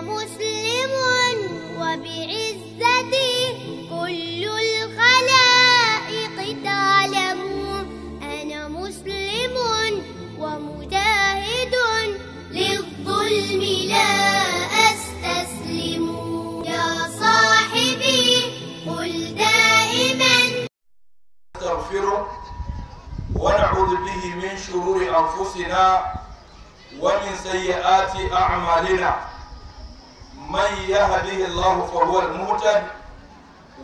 أنا مسلم وبعزتي كل الخلائق تعلم أنا مسلم ومجاهد للظلم لا أستسلم يا صاحبي قل دائما استغفره ونعوذ به من شرور أنفسنا ومن سيئات أعمالنا من يهده الله فهو المهتد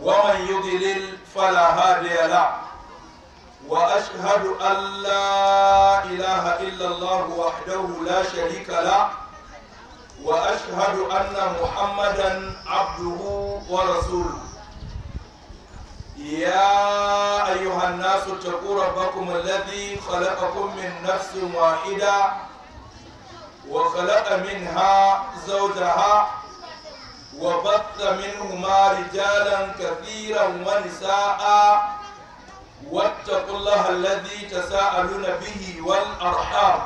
ومن يضلل فلا هادي له واشهد ان لا اله الا الله وحده لا شريك له واشهد ان محمدا عبده ورسوله يا ايها الناس اتقوا ربكم الذي خلقكم من نفس واحده وخلق منها زوجها وبث منهما رجالا كثيرا ونساء واتقوا الله الذي تساءلون به والأرحام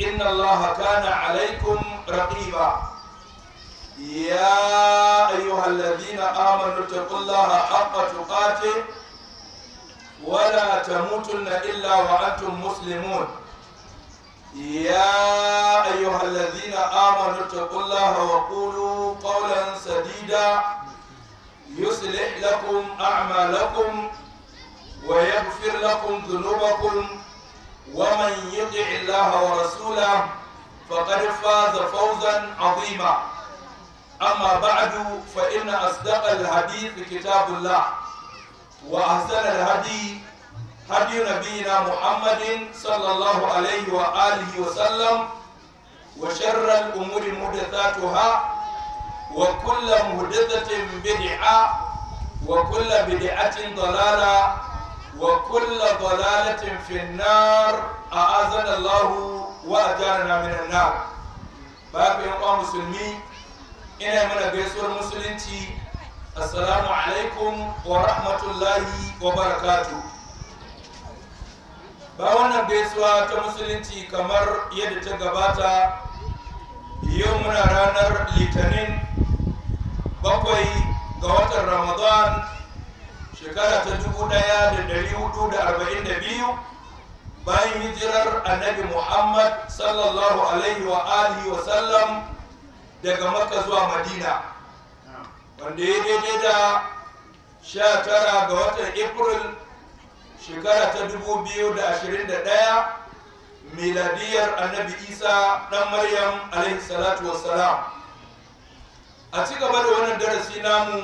إن الله كان عليكم رقيبا يا أيها الذين آمنوا اتقوا الله حق تقاته ولا تموتن إلا وأنتم مسلمون يا أيها الذين آمنوا اتقوا الله وقولوا قولا سديدا يصلح لكم أعمالكم ويغفر لكم ذنوبكم ومن يطع الله ورسوله فقد فاز فوزا عظيما أما بعد فإن أصدق الحديث كتاب الله وأحسن الهدي هدي نبينا محمد صلى الله عليه وآله وسلم وشر الأمور محدثاتها وكل محدثة بدعة وكل بدعة ضلالة وكل ضلالة في النار أعاذنا الله وأجارنا من النار باب يوم مسلمي إنا من بيسور المسلمين السلام عليكم ورحمة الله وبركاته ba wannan gaisuwa ta musulunci kamar yadda ta gabata yau muna ranar litinin bakwai ga watan ramadan shekara ta dubu daya da dari hudu da arba'in da biyu bayan hijirar annabi muhammad sallallahu alaihi wa alihi wa sallam daga maka zuwa madina wanda ya daidai da sha tara ga watan april shekara ta 2021 miladiyar annabi isa ɗan maryam alaihi salatu wassalam a ci gaba da wannan darasi namu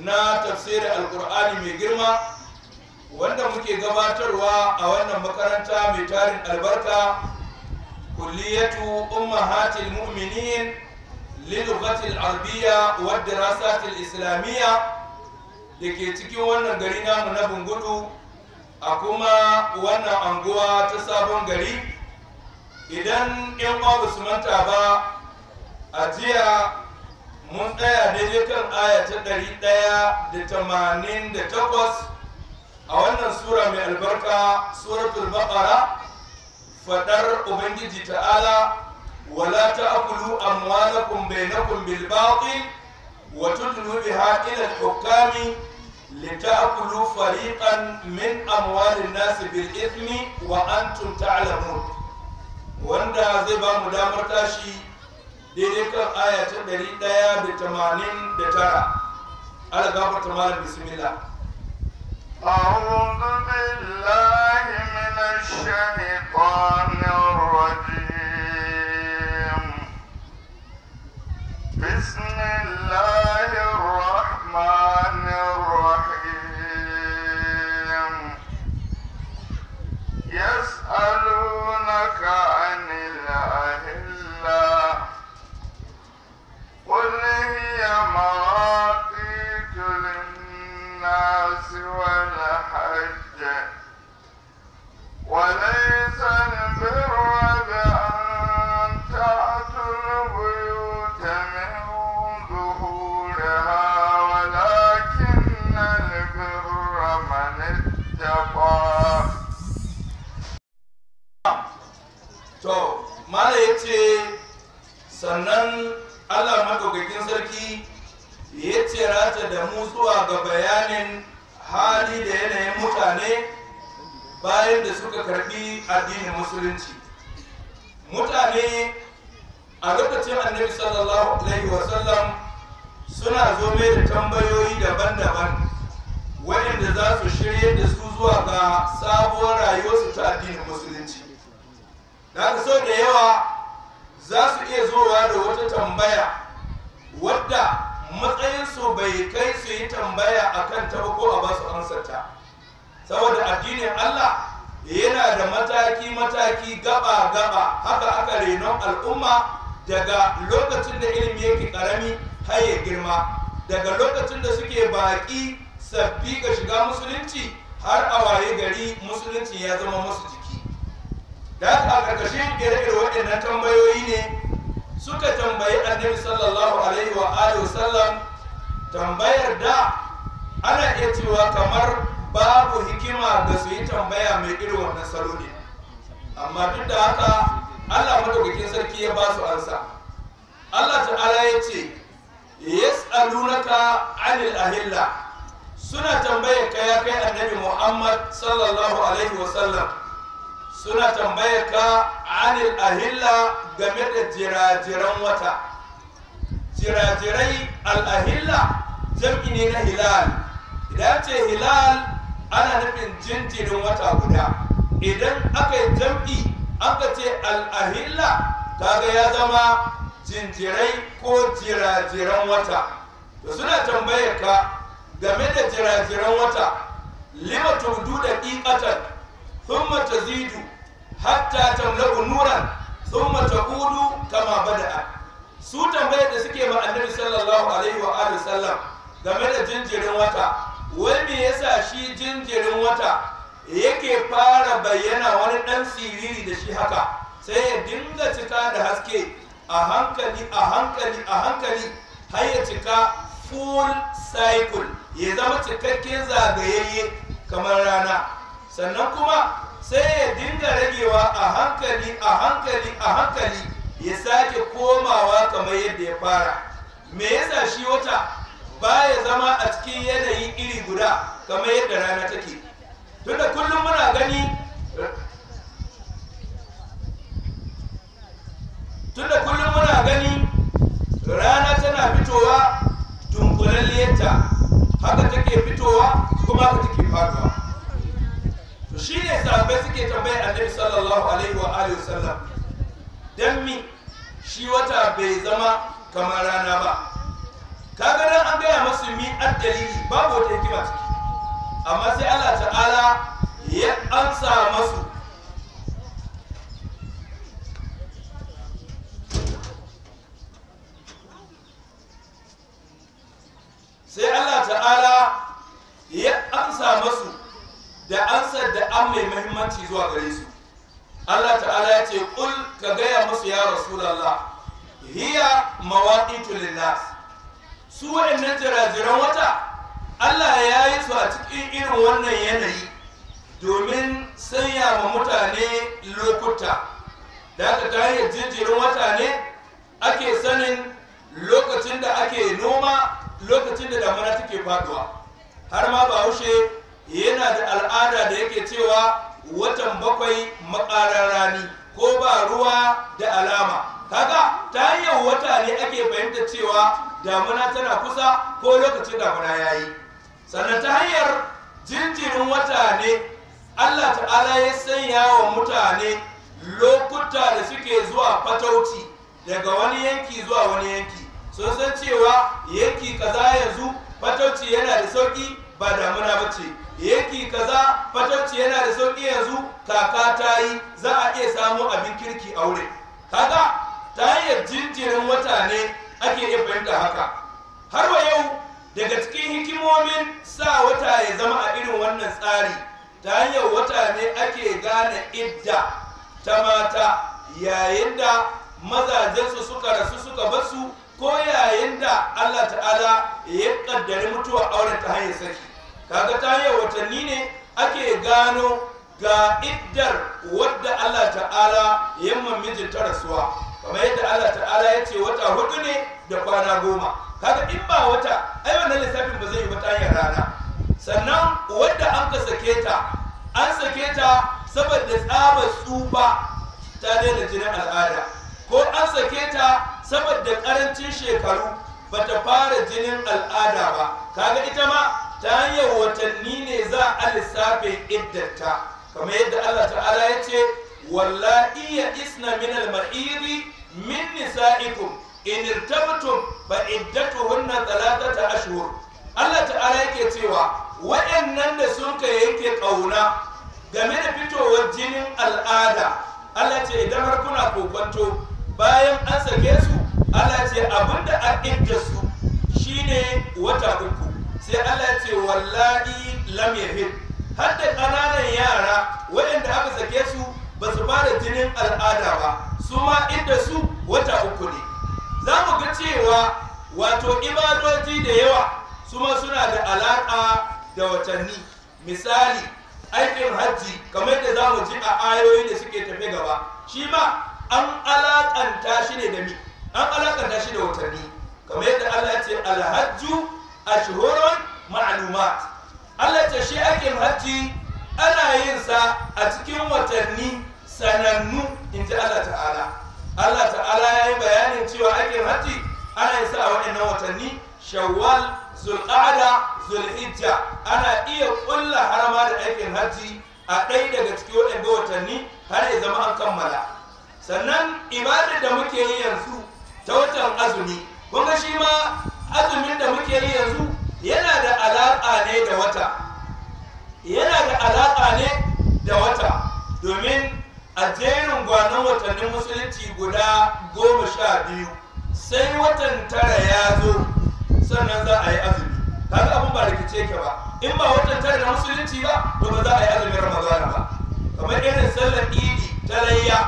na tafsirin alkur'ani mai girma wanda muke gabatarwa a wannan makaranta mai tarin albarka kulliyatu ummahatil mu'minin lilughatil arabiyya wad dirasatil islamiyya da ke cikin wannan gari namu na bungudu a kuma wannan anguwa ta sabon gari idan yan uwa su manta ba a jiya mun tsaya daidai kan aya ta ɗari ɗaya da tamanin da takwas a wannan sura mai albarka suratul baqara faɗar ubangiji ta'ala wala ta ta'kulu amwalakum bainakum bil batil وتدنو بها إلى الحكام لتأكلوا فريقا من أموال الناس بالإثم وأنتم تعلمون wanda zai ba mu damar tashi daidai kan aya ta ɗari ɗaya da tamanin da tara ala أعوذ بالله من الشيطان الرجيم بسم الله الرحمن الرحيم يسألونك عن الأهلة قل هي مواقيت للناس والحج وليس البر بأن to mala ya ce sannan allah madaukakin sarki ya ce rata da mu zuwa ga bayanin hali da yanayin mutane bayan da suka karbi addinin musulunci mutane a lokacin annabi sallallahu alaihi wasallam suna zo mai da tambayoyi daban-daban waɗanda za su shirye da su zuwa ga sabuwar rayuwarsu ta addinin musulunci da sau da yawa za su iya zowa da wata tambaya wadda matsayinsu bai kai su yi tambaya a kan ta ko a basu ansarta saboda addinin allah yana da mataki-mataki gaba-gaba haka aka renon al'umma daga lokacin da ilimi yake karami har ya girma daga lokacin da suke baki sabbi ga shiga musulunci har a waye gari musulunci ya zama musu da karkashin ƙarƙashin ƙirƙirar waɗannan tambayoyi ne suka tambayi annabi sallallahu alaihi wa alihi sallam tambayar da ana iya cewa kamar babu hikima da su yi tambaya mai irin wannan salo ne amma duk da haka Allah madaukakin sarki ya ba su ansa Allah ta'ala ya ce yas'alunaka 'anil ahilla suna tambayar ka ya kai annabi Muhammad sallallahu alaihi wa sallam suna tambayar ka anil ahilla game da jirajiran wata jirajirai al'ahilla jam'i ne na hilal idan ce hilal ana nufin jinjirin wata guda idan aka yi jam'i aka ce al'ahilla ga ya zama jinjirai ko jirajiran wata da suna tambayar ka game da jirajiran wata lima tudu da ƙiƙatar sun mata zidu hatta tamla'u nuran thumma taqulu kama bada'a su tambayar da suke ma annabi sallallahu alaihi wa alihi sallam game da jinjirin wata wai me yasa shi jinjirin wata yake fara bayyana wani dan siriri da shi haka sai ya dinga cika da haske a hankali a hankali a hankali har ya cika full cycle ya zama cikakken zagayayye kamar rana sannan kuma sai ya dinga ragewa a hankali a hankali a hankali ya sake komawa kamar yadda ya fara me yasa shi wata ba ya zama a cikin yanayi iri guda kamar yadda rana take tunda kullum muna gani tunda kullum muna gani rana tana fitowa tunkulalliyarta haka take fitowa kuma haka take faduwa to ne sahabbai suke tambayar annabi sallallahu alaihi wa alihi wasallam dan mi shi wata bai zama kamar rana ba kaga dan an gaya masu mi addalili babu wata hikima ciki amma sai Allah ta'ala ya amsa masu kusanci zuwa gare su Allah ta'ala ya ce kul ka gaya musu ya rasulallah hiya mawaqitu linnas su jira-jiran wata Allah ya yi su a cikin irin wannan yanayi domin sanya ma mutane lokuta da aka ta hanyar jirjirin wata ne ake sanin lokacin da ake noma lokacin da damuna take faduwa har ma bahaushe yana da al'ada da yake cewa watan bakwai makarar rani ko ba ruwa da alama kaga ta hanyar wata ne ake fahimta cewa damuna tana kusa ko lokacin damuna ya yi sannan ta hanyar jinjirin wata ne allah ta'ala ya sanya wa mutane lokuta da suke zuwa fatauci daga wani yanki zuwa wani yanki sun san cewa yanki kaza yanzu fatauci yana da sauki ba damuna ba ce yanki kaza fatacci yana da sauƙi yanzu kaka ta yi za a iya samu abin kirki a wurin kaga ta hanyar jinjirin wata ake iya fahimta haka har wa yau daga cikin hikimomin sa wata ya zama a irin wannan tsari ta hanyar wata ne ake gane idda ta mata yayin da mazajensu suka rasu suka basu ko yayin da Allah ta'ala ya kaddare mutuwa auren ta hanyar saki kaga ta hanyar watanni ne ake gano ga iddar wadda Allah ta'ala ya mamijin ta rasuwa kamar yadda Allah ta'ala ya ce wata hudu ne da kwana goma kaga in ba wata ai wannan lissafin ba zai yi ba ta rana sannan wadda an ka sake ta an sake ta saboda tsabar tsufa ta daina jinin al'ada ko an sake ta saboda karancin shekaru ba ta fara jinin al'ada ba kaga ita ma ta hanyar watanni ne za a lissafe iddata kamar yadda Allah ta'ala ya ce wallahi ya isna min al-ma'iri min nisa'ikum in irtabtum fa iddatuhunna thalathata ashhur Allah ta'ala yake cewa waɗannan da sun ka yanke kauna game da fitowar jinin al'ada Allah ce idan har kuna kokonto bayan an sake su Allah ce abinda a inda su shine wata uku sai Allah ce wallahi lam yahid har da ƙananan yara waɗanda aka sake su ba su fara jinin al'ada ba su ma inda su wata uku ne za mu ga cewa wato ibadoji da yawa su ma suna da alaƙa da watanni misali aikin hajji kamar da za mu ji a ayoyi da suke tafi gaba shi ma an alaƙanta shi ne da mi an alakanta shi da watanni kamar yadda Allah ya ce alhajju ashhurun ma'lumat Allah ce shi ake hajji ana yin sa a cikin watanni sanannu in Allah ta'ala Allah ta'ala ya yi bayanin cewa ake hajji ana yin sa a waɗannan watanni shawwal zulqa'da zulhijja ana iya ƙulla harama da aikin hajji a ɗaya daga cikin waɗanda watanni har ya zama an kammala sannan ibadar da muke yi yanzu ta watan azumi kuma shi ma azumin da muke yi yanzu yana da alaƙa ne da wata yana da alaƙa ne da wata domin a jerin gwanon watannin musulunci guda goma sha biyu sai watan tara ya zo sannan za a yi azumi kaga abin ba rikice ke ba in ba watan tara na musulunci ba to ba za a yi azumin ramadana ba kamar irin sallar idi ta layya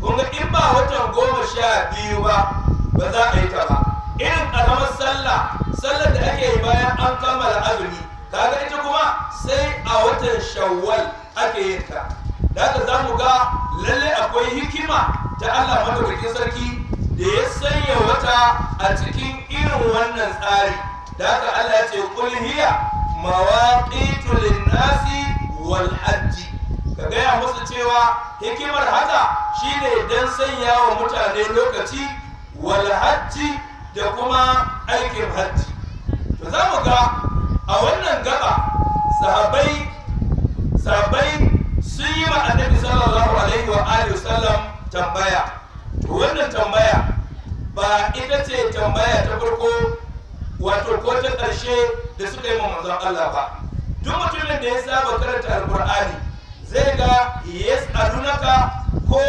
kun in ba watan goma sha biyu ba ba za a yi ta ba irin ƙaramar sallah sallar da ake yi bayan an kammala azumi kaga ita kuma sai a watan shawwal ake yin ta da haka za mu ga lalle akwai hikima ta Allah madaukakin sarki da ya sanya wata a cikin irin wannan tsari da haka Allah ya ce kul hiya mawaqitu lin-nasi wal hajji ka gaya musu cewa hikimar haka shine dan sanya wa mutane lokaci walhaji da kuma aikin hajji to za mu ga a wannan gaba sahabai sahabai sun yi ma annabi sallallahu alaihi wa alihi wasallam tambaya to wannan tambaya ba ita ce tambaya ta farko wato ko ta ƙarshe da suka yi manzon Allah ba duk mutumin da ya saba karanta alqur'ani zai ga Yes, yas'alunaka ko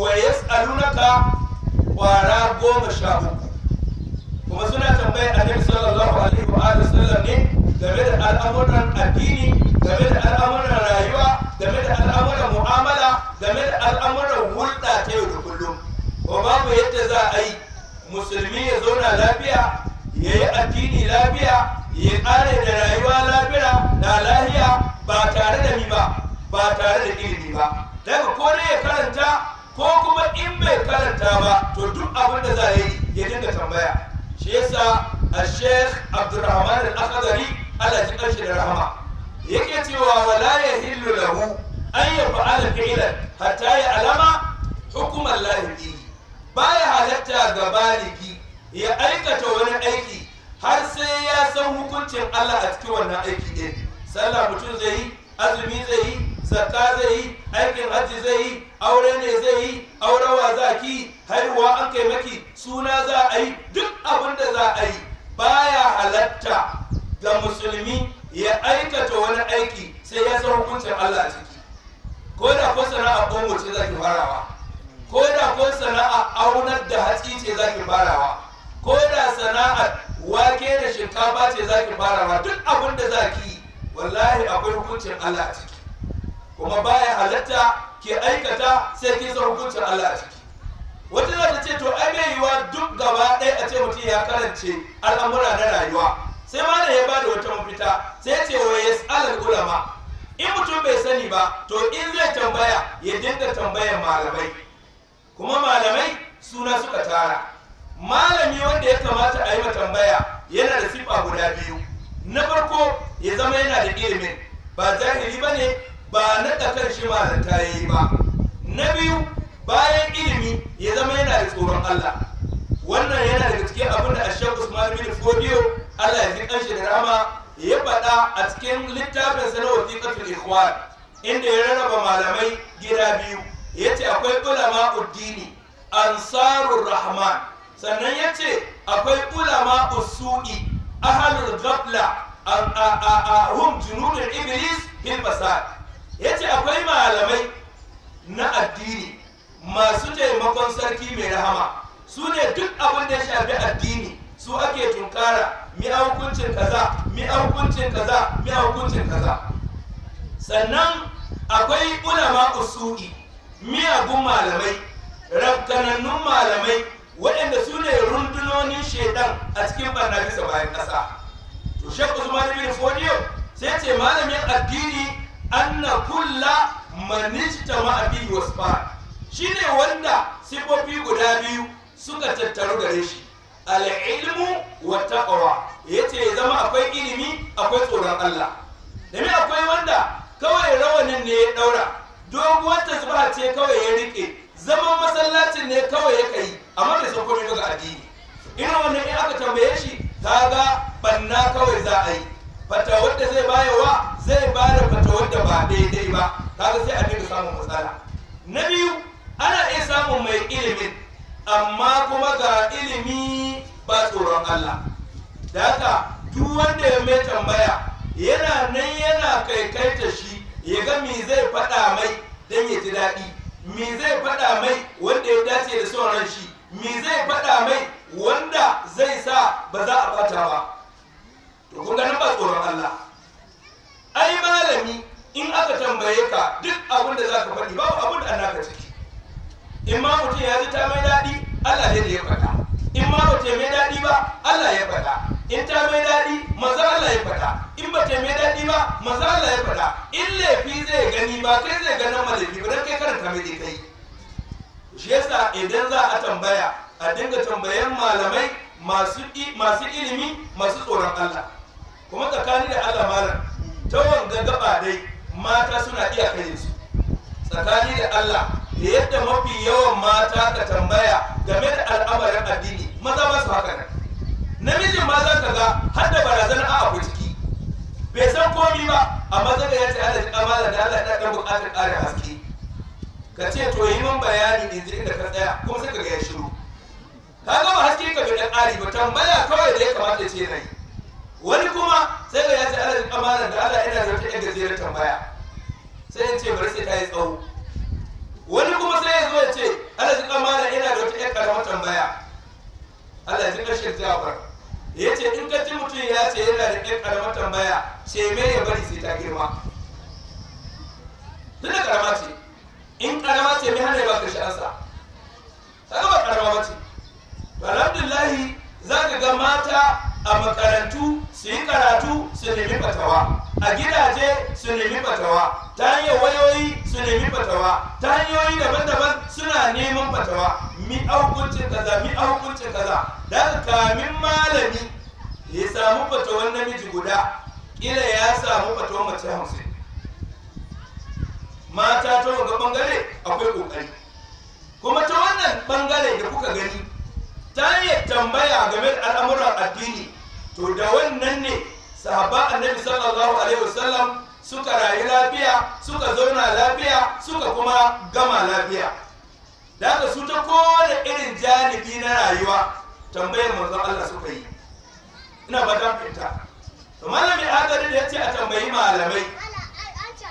wa yas'alunaka kwara goma sha uku kuma suna tambayar annabi sallallahu alaihi wa alihi sallam ne game da al'amuran addini game da al'amuran rayuwa game da al'amuran mu'amala game da al'amuran hulɗa ta yau da kullum ko babu yadda za a yi musulmi ya zauna lafiya ya yi addini lafiya ya ƙare da rayuwa lafiya da lahiya ba tare da ni ba ba tare da ilimi ba daga ko ya karanta ko kuma in bai karanta ba to duk abin da za a yi ya dinga tambaya shi yasa a sheikh abdurrahman al-akhdari Allah ji karshe da rahama yake cewa wala yahillu lahu an yaf'ala fi'lan hatta ya alama hukumar Ba baya halatta ga Baliki ya aikata wani aiki har sai ya san hukuncin Allah a cikin wannan aiki din sallah mutum zai yi azumi zai yi zakka zai yi aikin hajji zai yi aure ne zai yi aurewa za ki haihuwa an kai maki suna za a yi duk abin da za a yi baya halatta ga musulmi ya aikata wani aiki sai ya san hukuncin Allah ciki ko da ko sana'a ko mace zaki farawa ko da ko sana'a aunar da hatsi ce zaki farawa ko da sana'ar wake da shinkafa ce zaki farawa duk abin da za yi, wallahi akwai hukuncin Allah ciki kuma baya halatta ke aikata sai ke sa hukuncin Allah a ciki wata za ta ce to ai bai yiwa duk gaba ɗaya a ce mutum ya karance al'amura na rayuwa sai malam ya ba da wata mafita sai ya ce wa yas'alul ulama in mutum bai sani ba to in zai tambaya ya dinga tambayan malamai kuma malamai suna suka tara malami wanda ya kamata a yi ma tambaya yana da sifa guda biyu na farko ya zama yana da ilimin ba jahili ba ne ba na kan shi malanta ya yi ba na biyu bayan ilimi ya zama yana da tsoron Allah wannan yana da cikin abin da Ashaq Usman bin Fodiyo Allah ya fi kanshi da rama ya faɗa a cikin littafin sa na wasiqatul ikhwan inda ya rarraba malamai gida biyu yace akwai ulama uddini ansarur rahman sannan yace akwai ulama usui ahlul ghafla hum junudul iblis fil fasad ya ce akwai malamai na addini masu taimakon sarki mai rahama su ne duk abin da ya shafi addini su ake tunkara mi hukuncin kaza mi hukuncin kaza mi hukuncin kaza sannan akwai ulama usu'i miyagun malamai rakkanannun malamai waɗanda su ne rundunonin shaidan a cikin barna bayan ƙasa to shek usman bin fodiyo sai ce malamin addini anna kulla man ijtama bihi wasfa shine wanda sifofi guda biyu suka tattaru gare shi al-ilmu wa taqwa yace zama akwai ilimi akwai tsoron Allah Da me akwai wanda kawai rawanin ne ya daura doguwar tasbaha ce kawai ya rike zaman masallacin ne kawai ya kai amma bai san komai daga addini ina wannan in aka tambaye shi kaga banna kawai za a yi fata wanda zai bayawa zai ba da fatawar wadda ba daidai ba kaga sai a dinga samun matsala na biyu ana iya samun mai ilimin amma kuma ga ilimi ba tsoron Allah da haka duk wanda ya mai tambaya yana nan yana kaikaita shi ya ga me zai faɗa mai don ya ji daɗi me zai faɗa mai wanda ya dace da sauran shi me zai faɗa mai wanda zai sa ba za a ɓata ba to kun ganin ba tsoron Allah ai malami in aka tambaye ka duk abin da ka faɗi babu abin da naka ciki in ma mutum ya ji ta mai daɗi Allah ne da ya faɗa in ma ba mai daɗi ba Allah ya faɗa in ta mai daɗi maza Allah ya faɗa in ba ta mai daɗi ba maza Allah ya faɗa in laifi zai gani ba kai zai ganin malafi ba dan kai karanta mai da kai shi yasa idan za a tambaya a dinga tambayan malamai masu ilimi masu tsoron Allah kuma tsakani da Allah malam ta wanga gaba dai mata suna iya kai su tsakani da Allah da yadda mafi yawan mata ka tambaya game da al'amarin addini maza ba su haka nan namijin ma za ka ga har da barazana a abu ciki bai san komi ba amma zaka ya ce Allah ya amala da Allah ya dan bukatar ƙarin haske ka ce to yi min bayani in ji inda ka tsaya kuma sai ka ga ya shiru ka ga ba haske ka bi da ƙari ba tambaya kawai da ya kamata ce nayi wani kuma sai ga ya ce ala amana da ala ina zarta yan gajeren tambaya sai in ce bari sai ta yi tsawo wani kuma sai ya zo ya ce ala jin amana ina da wata yan karamar tambaya Allah jin rashin jawar ya ce in ka ji mutum ya ce yana da yan karamar tambaya ce me ya bari sai ta girma tun da karama ce in karama ce me hana ya ba ka sha'ansa ta gaba karama ce alhamdulillahi za ka ga mata a makarantu su yi karatu su nemi fatawa a gidaje su nemi fatawa ta hanyar wayoyi su nemi fatawa ta hanyoyi daban-daban suna neman fatawa mi aukuncin kaza mi aukuncin kaza dan kamin malami ya samu fatawan namiji guda kila ya samu fatawan mace hamsin mata ta wanga bangare akwai kokari kuma ta wannan bangare da kuka gani ta yi tambaya game da al'amuran addini to da wannan ne sahaba annabi sallallahu alaihi wasallam suka rayu lafiya suka zauna lafiya suka kuma gama lafiya da ka su ta kowane irin janibi na rayuwa tambayar manzon Allah suka yi ina ba ta fita to malami agari da ce a tambayi malamai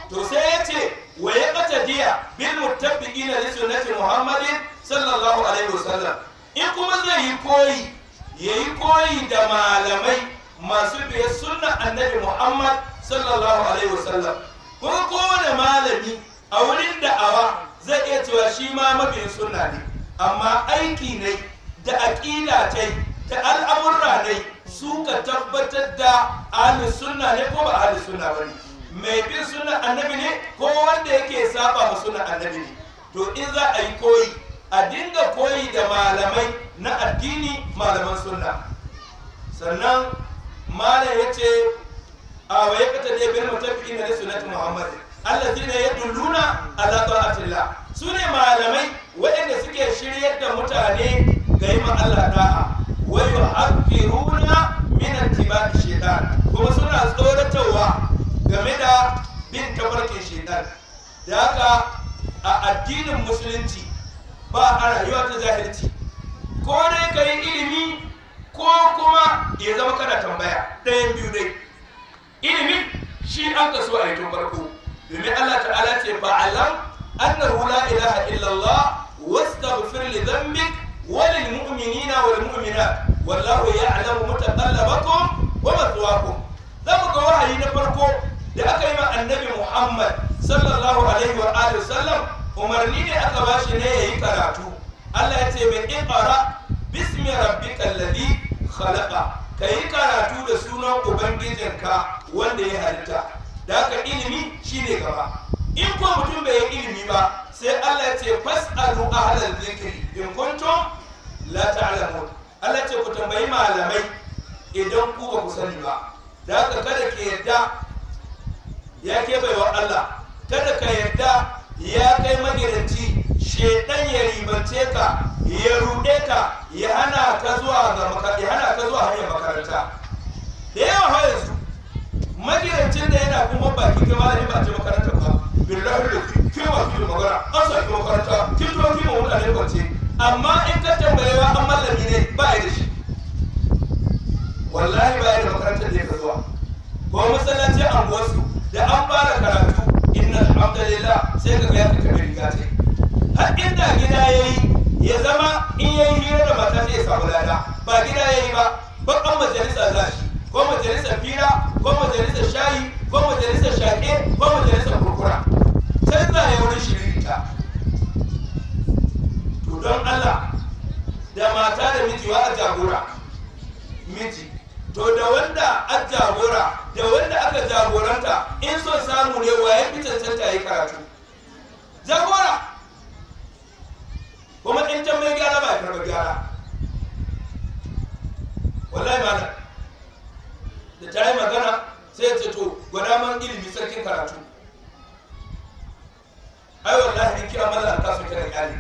to sai ya ce wa ya qatadiya bil muttabiqina li sunnati muhammadin sallallahu alaihi wasallam in kuma zai yi koyi ya yi koyi da malamai masu biye sunna annabi muhammad sallallahu alaihi wasallam ko kowane malami a wurin da'awa zai iya cewa shi ma mafi sunna ne amma aiki ne da aƙida ta da al'amurra ne su ka tabbatar da ahli sunna ne ko ba ahli sunna ba ne mai bin sunna annabi ne ko wanda yake saba ma sunna annabi ne to in za a yi koyi a dinga koyi da malamai na addini malaman sunna sannan malam ya ce a waye kata ne bin mutafi na sunnati muhammad Allah ne ya dulluna ala ta'atillah su ne malamai waɗanda suke shiryar da mutane ga yi Allah da'a wa yuhaffiruna min da shaitan kuma suna tsoratarwa game da bin tabarkin shaitan da haka a addinin musulunci ba a rayuwa ta zahirci ko dai ka yi ilimi ko kuma ya zama kana tambaya ɗayan biyu dai ilimi shi an kaso a yi tun farko domin Allah ta'ala ce fa'alam annahu la ilaha illallah wastaghfir li dhanbik wa lil mu'minina wal mu'minat wallahu ya'lamu mutaqallabakum wa mathwaakum zamu ga wahayi na farko da aka yi ma annabi Muhammad sallallahu alaihi wa alihi wasallam umarni ne aka ba shi ne yayi karatu Allah ya ce mai iqra bismi rabbikal ladhi khalaqa kai karatu da sunan ubangijinka wanda ya halitta da ka ilimi shine gaba in ko mutum bai yi ilimi ba sai Allah ya ce fas'alu ahlal zikri in kuntum la ta'lamun Allah ce ku tambayi malamai idan ku ba ku sani ba da kada ke yadda ya ke baiwa Allah kada ka yadda ya kai magidanci shedan ya ribance ka ya rude ka ya hana ka zuwa hanyar makaranta da yawa har yanzu magidancin da yana kuma baki kai ma ba ce makaranta ba billahi da ke su ki magana an saki makaranta kin to ki wani ne kwance amma in ka tambaye an mallami ne ba ya da shi wallahi ba ya da makarantar da ya ka zuwa ko masallaci anguwarsu da an fara karatu inna alhamdulillah sai ka ga ya fita mai riga ce har inda gida yayi ya zama in yayi hira da mata sai ya samu lada ba gida yayi ba babban majalisa za shi ko majalisar fira ko majalisar shayi ko majalisar shaƙe ko majalisar kurkura sai za ya wurin shiririta to don Allah da mata da miji wa a jagora miji to da wanda an jagora da wanda aka jagoranta in son samu ne ya fi cancanta ya karatu jagora kuma in can mai gyara ba ya karɓa gyara wallahi ba da ta yi magana sai ce to gwada man ilimi sarkin karatu ai wallahi in kira mallan kasu kira kyali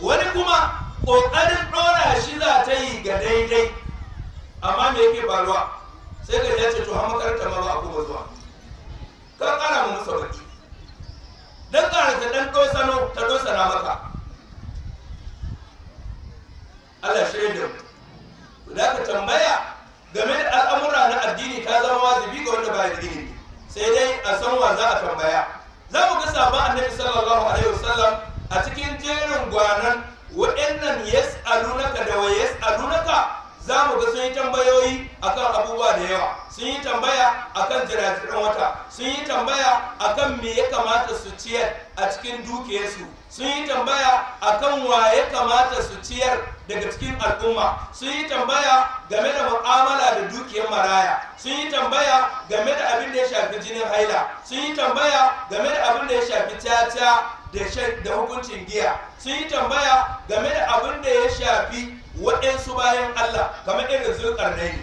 wani kuma ƙoƙarin ɗora shi za ta yi ga daidai amma me yake faruwa sai ka yace to har makaranta ma ba a kuma zuwa Kan kana mu musa baki dan kana ta dan Sano, ta sana maka Allah shaida mu da ka tambaya game da al'amura na addini ta zama wajibi ga wanda ba ya addini sai dai a san wa za a tambaya za mu ga sabon annabi sallallahu alaihi wasallam a cikin jerin gwanan za mu ga sun yi tambayoyi akan abubuwa da yawa sun yi tambaya akan jiragen wata sun yi tambaya akan me ya kamata su ciyar a cikin dukiyarsu sun yi tambaya akan wa ya kamata su ciyar daga cikin al'umma sun yi tambaya game da mu'amala da dukiyar maraya sun yi tambaya game da abin da ya shafi jinin haila sun yi tambaya game da abin da ya shafi caca da hukuncin giya sun yi tambaya game da abin da ya shafi waɗansu bayan Allah kamar irin zulƙarnaini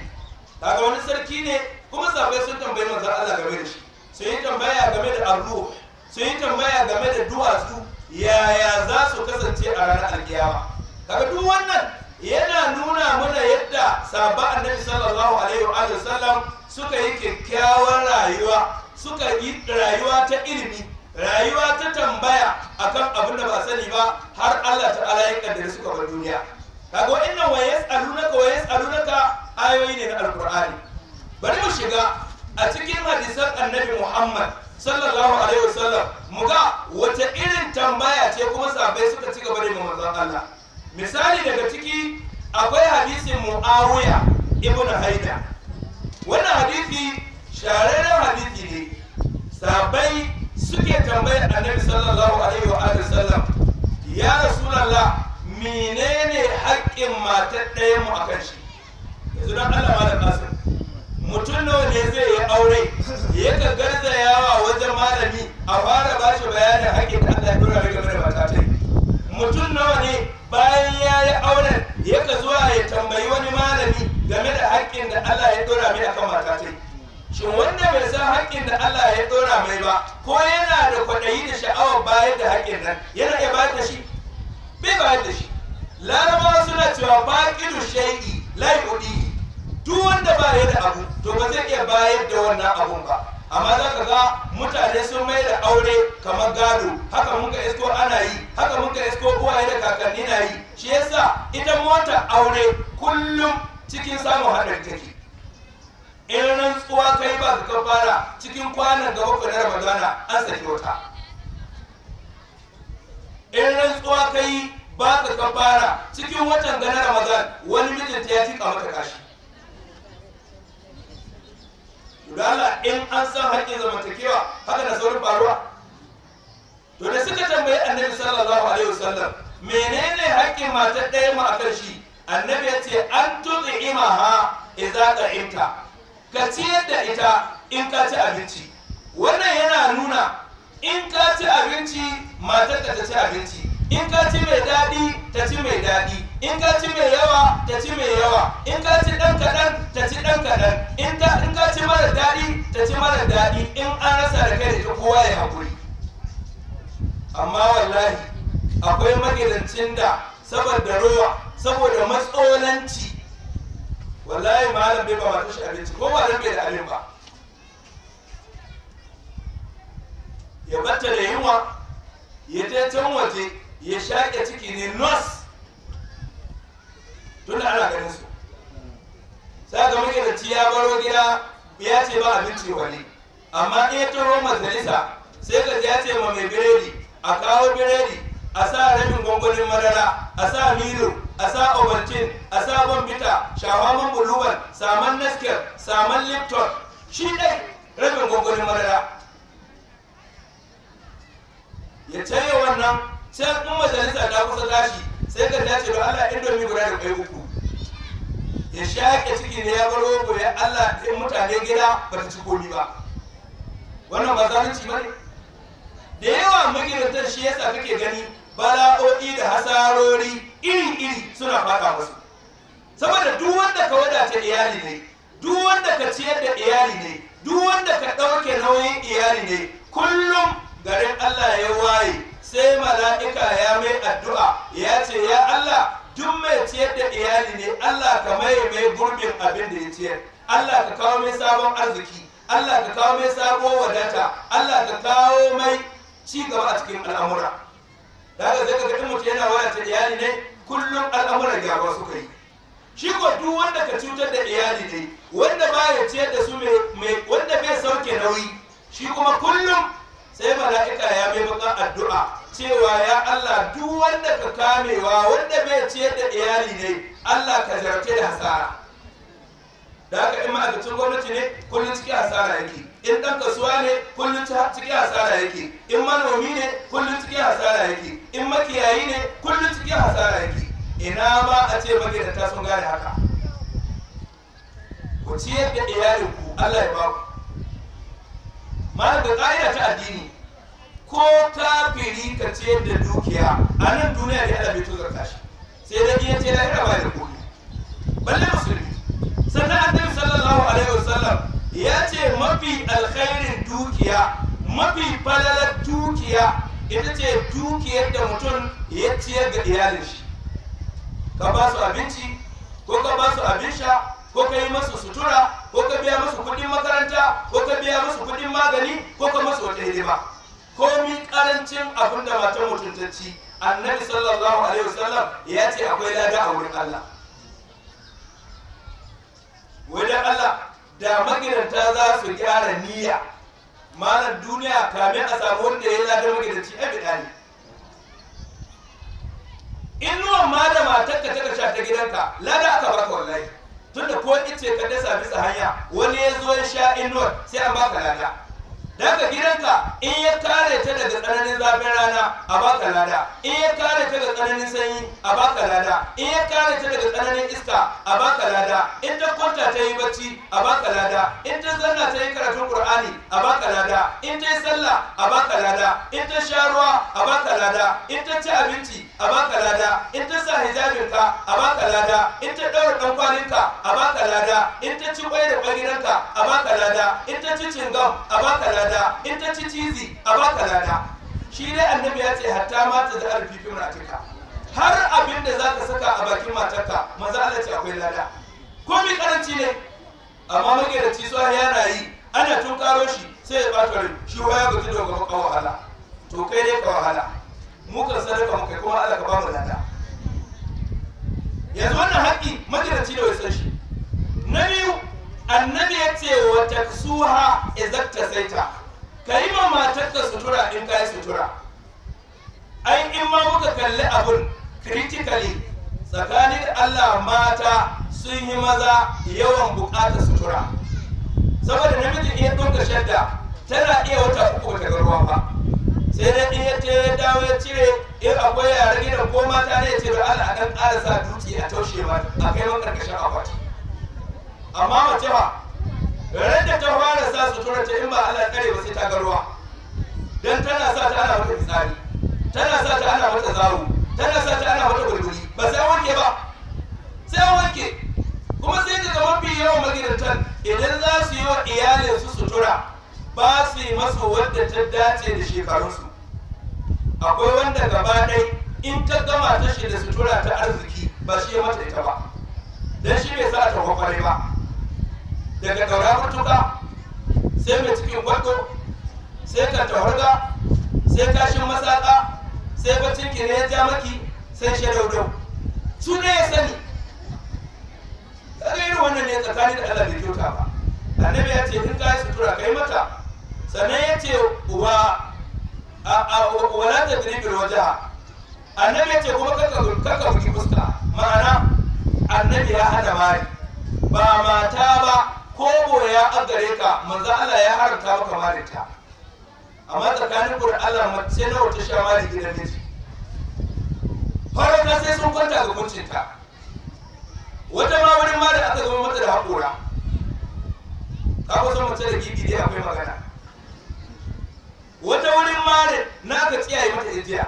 kaga wani sarki ne kuma sabai sun tambayi manzon Allah game da shi sun yi tambaya game da arru sun yi tambaya game da duwatsu yaya za su kasance a ranar alkiyama kaga duk wannan yana nuna mana yadda sabbin annabi sallallahu alaihi wa sallam suka yi kyakkyawar rayuwa suka yi rayuwa ta ilimi rayuwa ta tambaya akan abin da ba sani ba har Allah ta'ala ya kaddara suka bar duniya kaga wa'annan wa yas'alunaka wa yas'alunaka ayoyi ne na alqur'ani bari mu shiga a cikin hadisan annabi Muhammad sallallahu alaihi wasallam mu ga wata irin tambaya ce kuma sabai suka ci gaba da manzon Allah misali daga ciki akwai hadisin Muawiya ibn Haida wannan hadisi shahararren hadisi ne sabai suke tambayar annabi sallallahu alaihi wa sallam ya rasulullah menene haƙƙin matar ɗaya mu akan shi yanzu don Allah malam Nasir mutum nawa ne zai yi aure ya ka garzayawa wajen malami a fara ba shi bayanin haƙƙin da Allah ya dora mai game da mata mutum nawa ne bayan ya yi auren ya ka zuwa ya tambayi wani malami game da haƙƙin da Allah ya dora mai akan mata shin wanda bai san haƙƙin da Allah ya dora mai ba ko yana da kwaɗayi da sha'awar bayar da haƙƙin nan yana iya bayar da shi bai bayar da shi laraba suna cewa baƙilu shai'i lai kuɗi duk wanda ba ya da abu to ba zai iya bayar da wannan abun ba amma za ka ga mutane sun mai da aure kamar gado haka muka isko ana yi haka muka isko uwaye da kakanni na yi shi yasa ita mota aure kullum cikin samun haɗari take in rantsuwa kai ba ka fara cikin kwanan gaba ku na ramadana an saki wata in rantsuwa kai ba ka kabara cikin watan da na ramadan wani mijinta ya tika maka kashi dala in an san haƙƙin zamantakewa haka da saurin faruwa to da suka tambayi annabi sallallahu alaihi wasallam menene haƙƙin matar ɗaya ma akan shi annabi ya ce an tuɗi ha idza qa'imta ka ciyar da ita in ka ci abinci wannan yana nuna in ka ci abinci matar ka ta ci abinci in ka ci mai daɗi ta ci mai daɗi in ka ci mai yawa ta ci mai yawa in ka ci ɗan kaɗan ta ci ɗan kaɗan in ka ci mara daɗi ta ci mara daɗi in an rasa da kai da kowa ya haƙuri amma wallahi akwai magidancin da saboda rowa saboda matsolanci wallahi malam bai ba tashi abinci ko malam bai da abin ba ya batta da yunwa ya ta can waje ya shaƙe ciki ne nos tun da ana ganin su sai ga magidanci ya baro gida ya ce ba abinci wani amma in ya taho majalisa sai ka ya ce ma mai biredi a kawo biredi a sa rabin gwangwanin madara a sa milo a sa ovaltin a sa bita shawaman buluban saman naskir saman lipton shi dai rabin gwangwanin madara ya ce wannan sai kuma majalisa ta kusa tashi sai ka dace don Allah indomi guda da kai uku ya shaƙe ciki ne ya baro ko ya Allah sai mutane gida ba ta ci komi ba wannan ba zalunci ba ne da yawa magidantar shi yasa kake gani bala'o'i da hasarori iri-iri suna faɗa musu saboda duk wanda ka wadace iyali ne duk wanda ka ciyar da iyali ne duk wanda ka ɗauke nauyin iyali ne kullum garin Allah ya waye sai mala'ika ya mai addu'a ya ce ya Allah duk mai ciyar da iyali ne Allah ka maye mai gurbin abin da ya ciyar Allah ka kawo mai sabon arziki Allah ka kawo mai sabon wadata Allah ka kawo mai ci gaba a cikin al'amura daga zai ka mutum yana wadata iyali ne kullum al'amura gaba suka yi shi ko wanda ka cutar da iyali ne wanda ba ya ciyar da su mai wanda bai sauke nauyi shi kuma kullum sai mala'ika ya mai baka addu'a cewa ya Allah duk wanda ka kamewa wanda bai ciyar da iyali ne Allah ka zarce da hasara da haka in ma'aikacin gwamnati ne kullum cikin hasara yake in ɗan kasuwa ne kullum cikin hasara yake in manomi ne kullum cikin hasara yake in makiyayi ne kullum cikin hasara yake ina ma a ce magidanta sun gane haka ku ciyar da iyalinku Allah ya ba ku ma da ƙa'ida ta addini ko firi ka ciyar da dukiya a nan duniya da yada mai tozar shi sai da iya ce lahira ba da komai balle musulmi sannan annabi sallallahu alaihi wasallam ya ce mafi alkhairin dukiya mafi falalar dukiya ita ce dukiyar da mutum ya ciyar ga iyalin shi ka ba su abinci ko ka ba su abin sha ko ka yi masu sutura ko ka biya masu kuɗin makaranta ko ka biya masu kuɗin magani ko ka masu wata hidima komi karancin abin da matan mutuntacci annabi sallallahu alaihi wasallam ya ce akwai lada a wurin Allah wajen Allah da magidanta za su gyara niyya malar duniya kamin a samu wanda ya lada magidanci a bida ne inuwan ma da matarka ta sha ta gidanka lada aka baka wallahi tunda ko ice ka dasa bisa hanya wani ya zo ya sha inuwar sai an baka lada daga gidanka in ya kare ta daga tsananin zafin rana a baka lada in ya kare ta daga tsananin sanyi a baka lada in ya kare ta daga tsananin iska a baka lada in ta kwanta ta yi bacci a baka lada in ta zanna ta yi karatun qur'ani a baka lada in ta yi sallah a baka lada in ta sha ruwa a baka lada in ta ci abinci a baka lada in ta sa hijabinka a baka lada in ta daura dan ka a baka lada in ta ci kwai da kwai a baka lada in ta ci cingam a baka lada lada in ta ci cizi a baka lada shi dai annabi ya ce hatta mata da arfi muratika har abin da zaka saka a bakin matarka maza Allah ce akwai lada ko mai karanci ne amma magidanci so ya rayi ana tun karo shi sai ya bata rai shi wa ya gudu daga maka wahala to kai dai ka wahala mu kan sadaka mu kai kuma Allah ka ba mu lada yanzu wannan haƙƙi magidanci ne wai san shi na biyu annabi ya ce wa taksuha izakta saita ka yi ma matar ka sutura in ka yi sutura ai in ma muka kalli abun critically tsakanin Allah mata sun yi maza yawan bukatar sutura saboda namiji in ya dunka shadda tana iya wata uku bata ga ruwa ba sai dai in ya ce dawo ya cire in akwai yare gidan ko mata ne ya ce da Allah a dan ƙara sa dutse a taushe ma a kai ma karkashin akwati amma mace ba ran da ta fara sa suturar ta in ba Allah kare ba sai ta ga ruwa dan tana sa ta ana mata fitsari tana sa ta ana mata zaro tana sa ta ana mata gurguri ba sai wanke ba sai wanke kuma sai daga mafi yawan magidantan idan za su yi wa iyalinsu sutura ba su yi masu wadda ta dace da shekarunsu akwai wanda gaba ɗai in ta gama ta shi da sutura ta arziki ba shi mata ita ba don shi bai sa ta kwakwale ba daga taura matuka sai mai cikin gwado sai ka taurga sai kashin matsaka sai bacin ki ne ya maki sai shaidaudau su ne ya sani kaga irin wannan ne tsakanin da Allah bai kyauta ba annabi ya ce in ka yi sutura kai mata sannan ya ce uba wala ta dribil wajaha annabi ya ce kuma kaka buki fuska ma'ana annabi ya hada mari ba mata ba ko ya agare ka manzo Allah ya haramta maka ta. amma tsakanin ku da Allah mace nawa ta sha malin gidan miji Farauta sai sun kwanta ga kuncinta wata ma wurin ma da aka zama mata da haƙora ka ku san mace da gidi dai akwai magana wata wurin ma da na ka tsiyaye mata ijiya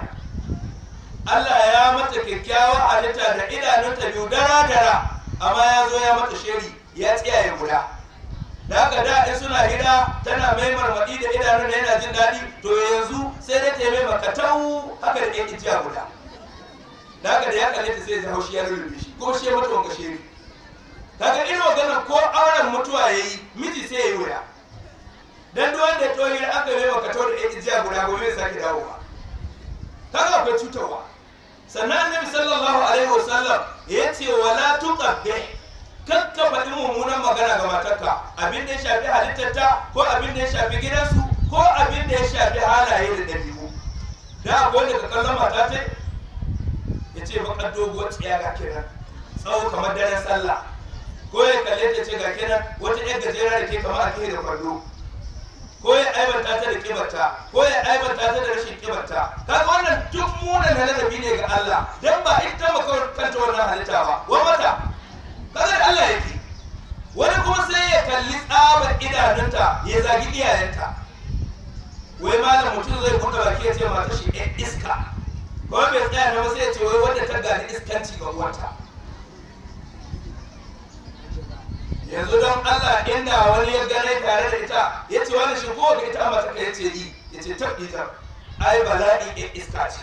Allah ya mata kyakkyawa halitta da idanunta biyu dara dara amma ya zo ya mata sheri ya tsiyaye guda da haka da in suna hira tana mai marmaɗi da idanun yana jin daɗi to yanzu sai dai ta mai makatau haka da ke jiya guda da haka da ya kalle ta sai ya haushi ya da shi ko shi ya mutu wanka shi ga irin gana ko auren mutuwa ya yi, miji sai ya yi wuya dan duk wanda to hira aka mai makatau da ke jiya guda ko sai sake dawowa ga akwai cutarwa sannan annabi sallallahu alaihi wasallam ya ce wala tuqabbih kakka ɗin mummunan magana ga matarka abin da ya shafi halittarta ko abin da ya shafi gidansu ko abin da ya shafi halaye da ɗabi'u da akwai daga kallon mata ta ya ce bakar doguwar tsiya ga kenan tsawo kamar daren sallah ko ya kalle ta ce ga kenan wata ɗan gajera da ke kamar ake da kwallo ko ya aibanta ta da kibarta ko ya aibanta ta da rashin kibarta kaga wannan duk munan ladabi ne ga Allah dan ba ita makawar kanta wannan halitta ba wa mata maganar Allah yake wani kuma sai ya kalli tsabar idanunta ya zagi iyayenta wai malam mutum zai kuka baki ya ce mata shi ɗan iska kuma bai tsaya na masu ya ce wai wanda ta gani iskanci ga uwarta yanzu don Allah inda wani ya gane tare da ita ya ce wani shi kowa ga ita mata ka ya ce yi ya ce ta ta ai bala'i ɗan iska ce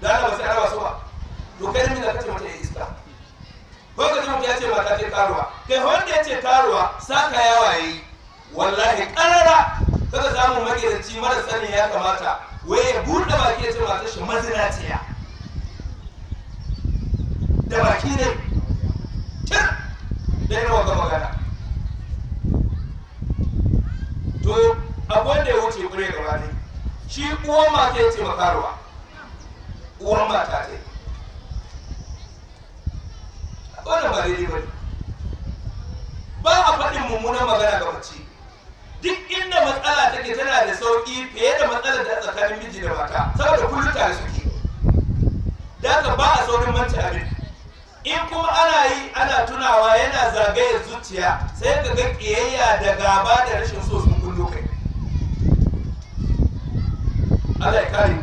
da ana wasu ana wasu ba to kai ne da mata mata iska lokacin mutum ya ce mata ce karuwa kai wanda ya ce karuwa saka yawa ya yi wallahi karara kaga samun magidanci mara sanin ya kamata waye ya buɗe baki ya ce matar shi mazinaciya da baki ne tir da yana waka magana to akwai da ya wuce kure gaba ne shi uwan mata ya ce makaruwa uwan mata ce wannan ba daidai ba ba a faɗin mummunan magana ga mace duk inda matsala take tana da sauƙi fiye da matsalar da tsakanin miji da mata saboda kullum tare suke da haka ba a saurin manci abin in kuma ana yi ana tunawa yana zagayar zuciya sai ka ga ƙiyayya da gaba da rashin so sun kullu kai Allah ya kare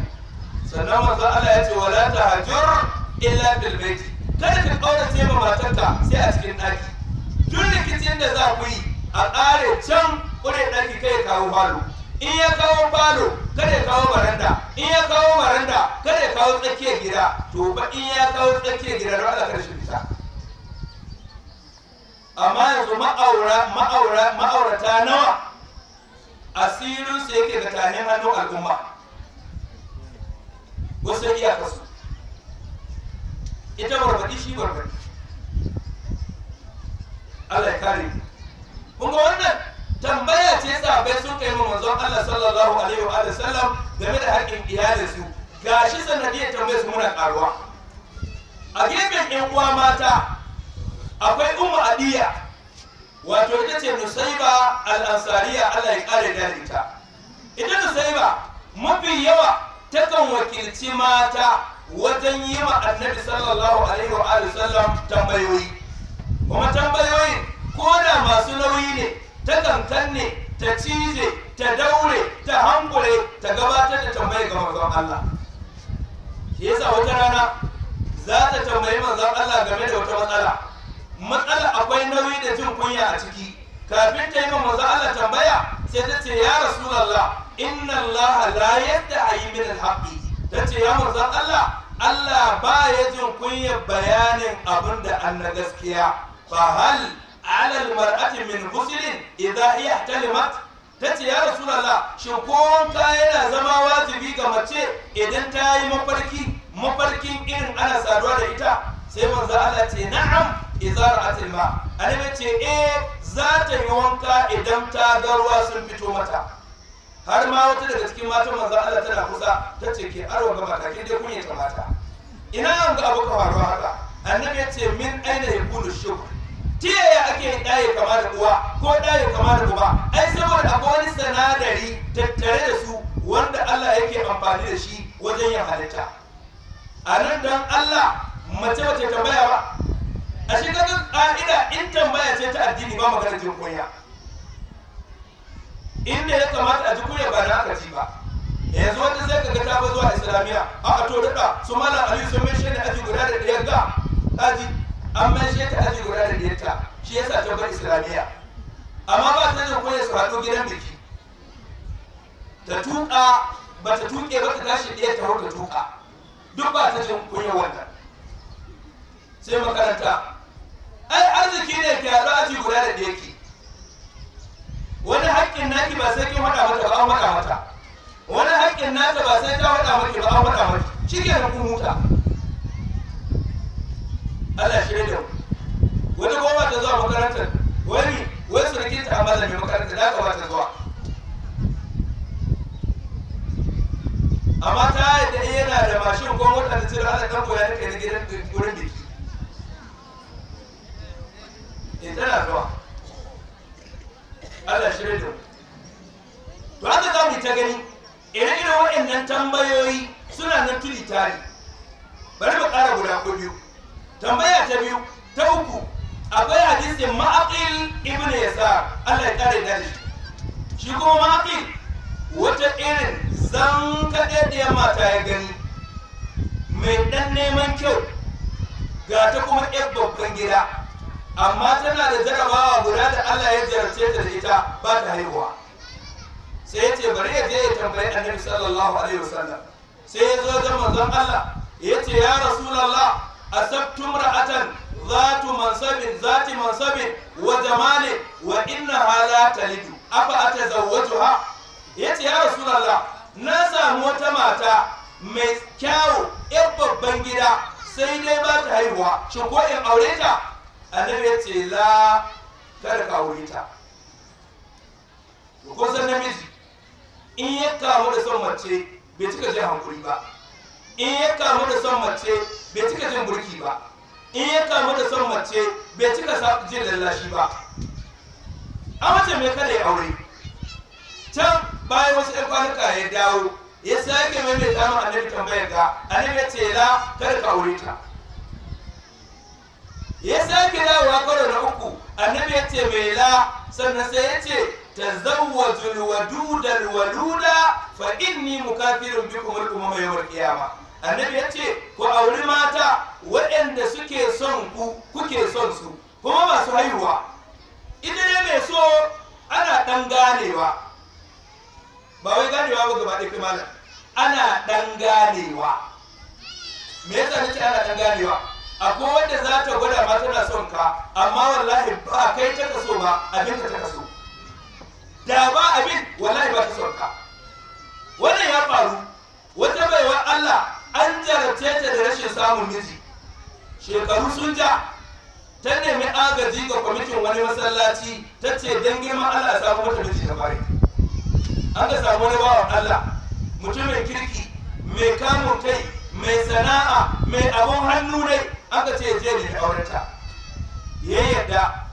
sannan manzo Allah ya ce wala tahajjur illa bil baiti kada ka ƙaurace ma matarka sai a cikin ɗaki duk rikicin da za ku yi a ƙare can ƙure ɗaki kai kawo falo in ya kawo falo kada ya kawo baranda in ya kawo baranda kada ya kawo tsakiyar gida to ba in ya kawo tsakiyar gida da ba karshen fita amma yanzu ma'aura ma'aura ma'aurata nawa asirin su yake da tahin hannun al'umma wasu iyakarsu ita barbaɗi shi barbaɗi Allah ya kare mu kun ga wannan tambaya ce sahabbai sun kai ma manzon Allah sallallahu alaihi wa sallam game da haƙƙin iyalinsu gashi sanadiyar tambayar su muna karuwa a gefen ƴan uwa mata akwai ummu adiya wato ita ce nusaiba al-ansariya Allah ya kare da ita ita nusaiba mafi yawa takan wakilci mata wajen yi wa annabi sallallahu alaihi wa alihi sallam tambayoyi kuma tambayoyin ko da masu nauyi ne ta kankan ta cize ta daure ta hangure ta gabatar da tambayi ga manzon Allah shi yasa wata rana za ta tambayi manzon Allah game da wata matsala matsala akwai nauyi da jin kunya a ciki kafin ta yi ma manzon Allah tambaya sai ta ce ya rasulullah inna Allah la yadda ayi min al-haqqi ta ce ya manzon Allah Allah ba ya jin kunyar bayanin abin da an na gaskiya fa hal alal mar'ati min muslim idza iya talimat tace ya rasulullah shin ko ka yana zama wajibi ga mace idan ta yi mafarki mafarkin irin ana saduwa da ita sai manzo Allah ce na'am idza ra'atil ma ce eh za ta yi wanka idan ta ga ruwa sun fito mata har ma wata daga cikin matan manzo Allah tana kusa ta ce ke aro ga matakin da dai kunye ta mata ina an ga abu faru haka annabi ya ce min aina ya shuk shukr ya ake yin ɗaya kama da uwa ko ɗaya kama da uba ai saboda akwai wani sanadari tattare da su wanda Allah yake amfani da shi wajen yin halitta a nan dan Allah mace mace tambaya ba a shi ga ƙa'ida in tambaya ce ta addini ba magana jin kunya inda ya kamata a ji ya ba na aka ci ba yanzu wanda sai kaga ta zuwa islamiyya a a to daɗa su malam aliyu sun mai shaida aji guda da ɗaya ga aji an mai shaida aji guda da ɗaya ta shi yasa ta bar islamiyya amma ba ta jin kunya su haɗo gidan biki ta tuƙa ba ta tuƙe ba ta tashi ɗaya ta ta tuƙa duk ba ta jin kunya wannan sai makaranta ai arziki ne ke haɗu aji guda da ɗaya ke wani haƙƙin naki ba sai kin faɗa mata ba an faɗa mata wani haƙƙin nata ba sai ta faɗa maki ba an faɗa mata cike da kumuta Allah shi da wani goma ta zuwa makarantar wani wani surukin ta amma zabi makarantar da gaba ta zuwa amma ta yi da yana da mashin ko mota da tsira ana kanko ya rike da gidan gurin biki in eh, tana zuwa Allah shi rage to haka za mu ta gani ire waɗannan tambayoyi suna nan tuli tari bari mu ƙara guda ko biyu tambaya ta biyu ta uku akwai hadisin ma'aƙil ibn yasa Allah ya kare da shi shi kuma ma'aƙil wata irin zan yamma mata ya gani mai ɗan neman kyau ga ta kuma 'yan babban gida amma tana da jarabawa guda da Allah ya jarabce ta da ita ba ta haihuwa sai ya ce bari ya je ya tambayi annabi sallallahu alaihi wasallam sai ya zo da manzon Allah ya ce ya rasulullah asabtum ra'atan zatu mansabin zati mansabin wa jamali wa innaha la talidu afa atazawwajuha ya ce ya rasulullah na samu wata mata mai kyau 'yan babban gida sai dai ba ta haihuwa shin ko in aure ta annabi ya ce la kada ka aure ta ko san namiji in ya kamu da son mace bai cika jin hankuri ba in ya kamu da son mace bai cika jin burki ba in ya kamu da son mace bai cika jin lallashi ba a mace mai kada ya aure can bayan wasu ɗan kwanuka ya dawo ya sake mai mai tsamin annabi tambayar ga annabi ya ce la kada ka aure ta ya sake dawowa karo na uku annabi ya ce mai la sannan sai ya ce ta zauwa tazawwaju alwaduda alwaluda fa inni mukafirun bi kuma kuma mai yawar kiyama annabi ya ce ku auri mata waɗanda suke son ku kuke son su kuma masu haihuwa Ina ne mai so ana ɗan ganewa ba wai ganewa ba gaba ɗaya malam ana ɗan ganewa me yasa ce ana ɗan ganewa akwai wanda za ta gwada ma tana son ka amma wallahi ba kai ta kaso ba abin ta kaso da ba abin wallahi ba ta son ka wannan ya faru wata baiwa Allah an jarabce ta da rashin samun miji shekaru sun ja ta nemi agaji ga kwamitin wani masallaci ta ce don girman Allah samu wata miji da bari an ga samu wani bawan Allah mutumin kirki mai kamun kai mai sana'a mai abun hannu ne aka ce je ne aurenta ya yadda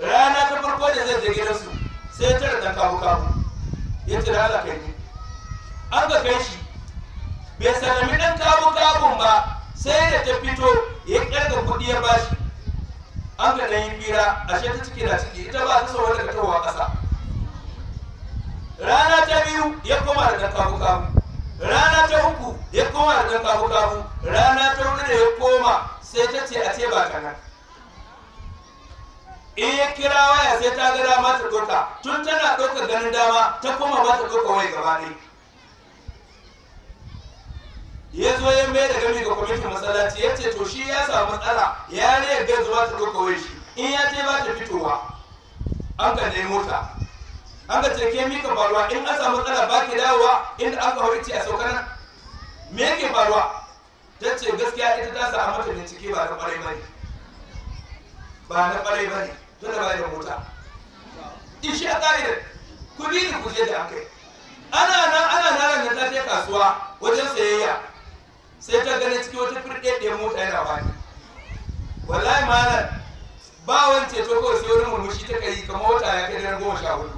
rana ta farko da zai je gidansu sai tara da kawo kawo ya ce da Allah kai an ga kai shi bai sanami dan kawo kawon ba sai da ta fito ya kirga kuɗi ya bashi an ga dan yi bira ashe ta ciki na ciki ita ba ta sauwa daga tawa ƙasa rana ta biyu ya koma da kawo kawo rana ta uku ya koma da ɗan kafu kafu rana ta hudu da ya koma sai ta ce a ce ba nan. in ya kira waya sai ta ga dama ta tun tana ɗaukar ganin dama ta koma ba ta wai gaba ɗaya ya zo ya mai da gami ga kwamitin masallaci ya ce to shi ya samu matsala ya ne ya gaza ta ɗauka wai shi in ya ce ba ta fitowa an ka nemo mota an ce ke mika faruwa in an samu matsala ba ki dawowa inda an ka horici a saukar me yake faruwa ta ce gaskiya ita ta sa mata ciki, ba na kwarai ba ne ba na kwarai ba ne tun da ba da mota ishi a ƙa'idar ku bi ni ku je da akai ana nan ana na ranar ta je kasuwa wajen sayayya sai ta gani cikin wata firɗe mota yana bani wallahi malam ba wani ceto kawai sai wani murmushi ta kai kamar wata ya kai daren goma sha hudu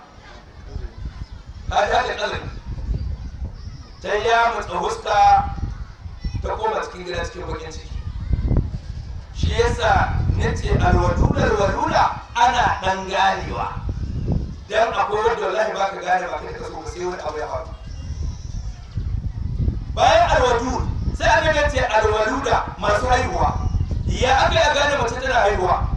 ta da kalami ta ya mutsa huska ta koma cikin gida cikin bakin ciki shi yasa nace alwadula alwadula ana dan ganewa Don akwai wanda wallahi baka gane ba kai ka so sai wani abu ya faru bayan alwadul sai aka ga ce alwaluda masu haihuwa ya aka ya gane mace tana haihuwa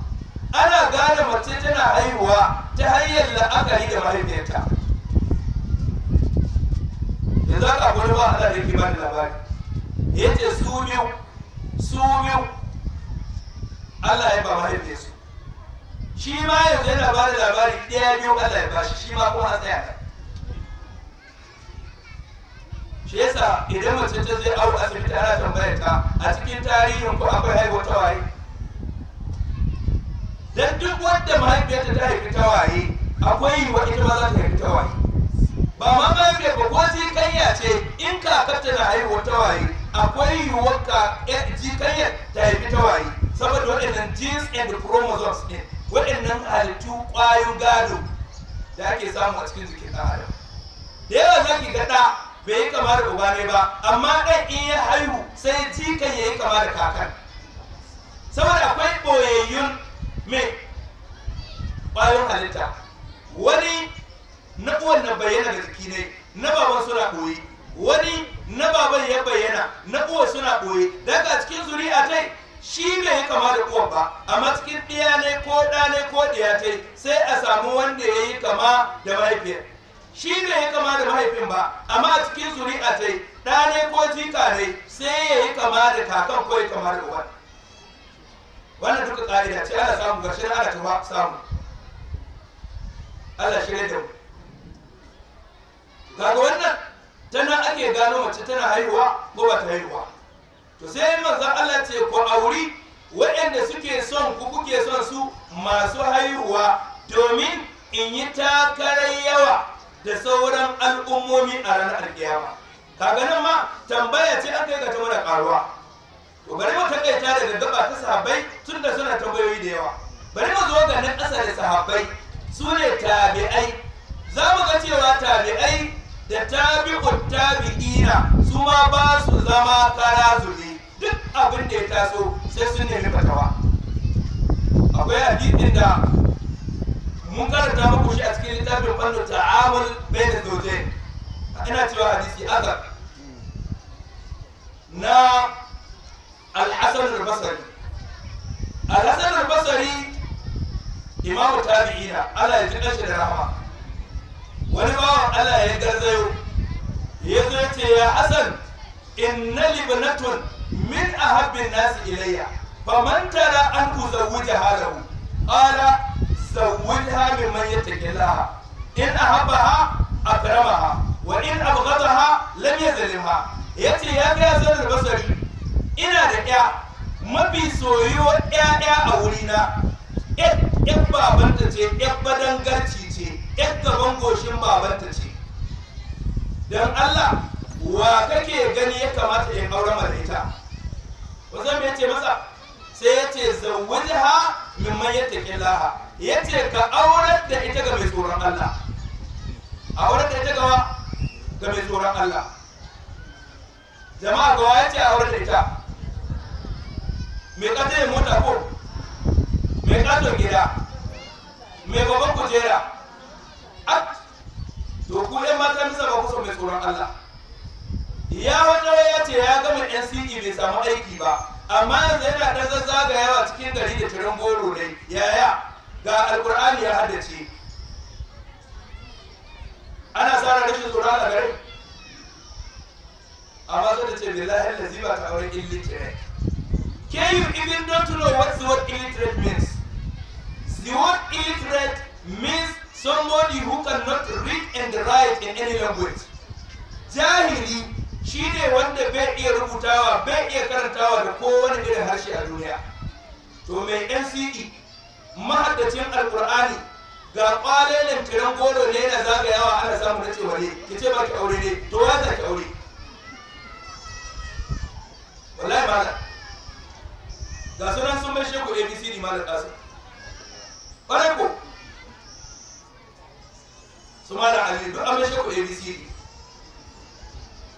ana gane mace tana haihuwa ta hanyar la'akari da mahaifiyarta yanzu aka kuma ba Allah da ke ba da labari ya ce su biyu su biyu Allah ya ba mahaifiyar su shi ma yanzu yana ba da labari ɗaya biyu Allah ya bashi shi ma kuma an tsaya ta shi yasa idan mace ta zai auri asibiti ana tambayar ta a cikin tarihin ko akwai haihuwa tawaye dan duk wanda mahaifiyarta ta haifi tawaye akwai wa ita ma za ta haifi tawaye ba ma mahaifiyar ba ko jikanya ce in kakar ta na haihuwa tawaye, akwai yiwuwar ka eh, jikanyar ta haifi ta waye saboda waɗannan genes and chromosomes ɗin waɗannan halittu ƙwayoyin gado da ake samu a cikin jikin ɗan adam da yawa za ki ga bai yi kama da uba ne ba amma ɗan in ya haihu sai jikan ya yi kama da kakan saboda akwai ɓoyayyun mai ƙwayoyin halitta wani na uwan na bayyana da jiki ne na baban suna ɓoye wani na baban ya bayyana na uwan suna ɓoye daga cikin zuri'a tai shi ne ya kama da uwan ba amma cikin ɗiya ne ko ɗa ne ko ɗiya tai sai a samu wanda ya yi kama da mahaifiyar shi ne ya kama da mahaifin ba amma a cikin zuri'a tai ɗa ne ko jika ne sai ya yi kama da kakan ko ya kama da uwan wannan duka ƙa'ida ce ana samu gashi ana ta samu Allah shirya da mu kaga wannan tana ake gano mace tana haihuwa ko ba ta haihuwa to sai manzon Allah ce ku auri waɗanda suke son ku kuke son su masu haihuwa domin in yi takarar yawa da sauran al'ummomi a ranar alkiyama kaga nan ma tambaya ce aka yi ga ta mana karuwa to bari mu takaita daga gaggaba ta sahabbai da suna tambayoyi da yawa bari mu zo ga nan ƙasa da sahabbai su ne tabi'ai za mu ga cewa tabi'ai da tabi'ut tabi'ina su ma ba su zama kara zuri duk abin da ya taso sai sun nemi fatawa akwai hadisin da mun karanta muku shi a cikin littafin fannu ta'amul bai da zoje ina cewa hadisi aka na al-hasan al-basri al-hasan al-basri imamu tabi'ina Allah ya ji shi da rahama wani bawan Allah ya garzayo ya zo ce ya asan inna libnatun min ahabbin nasi ilayya faman tara an uzawwija halahu qala zawwijha mimman yattaqillaha in ahabbaha akramaha wa in abghadaha lam yazlimha yace ya ga zan basari ina da ya mafi soyuwar 'ya'ya a wurina ya babanta ce ya badangarci yan gaban goshin babanta ce don Allah wa kake gani ya kamata in aure mata ita wazan ya ce masa sai ya ce zawwajaha mimman laha ya ce ka aurar da ita ga mai tsoron Allah aurar da ita ga ga mai tsoron Allah jama'a gawa ya ce aurar da ita mai yin mota ko mai kato gida mai babban kujera a to ku ɗan mata nisa ba kusa mai tsoron Allah ya wata ya ce ya gama NCE bai samu aiki ba amma yanzu yana ɗan yawa cikin gari da tirin goro ne yaya ga alkur'ani ya haddace ana sa rashin tsoron a gare amma sai da ce billahi lazi ba ta aure illiterate can you even don't know what the word illiterate means the word illiterate means somebody who cannot read and write in any language jahili shine wanda bai iya rubutawa bai iya karantawa da kowane irin harshe a duniya to mai nce mahaddacin alkur'ani ga kwalelen tiran goro ne na zagayawa ana samu na cewa ne ki ce ba ki aure ne to wa za ki aure wallahi malam ga sunan sun bai sheku abcd malam kasu ƙwarai ko su malam ali duk an shi ku abcd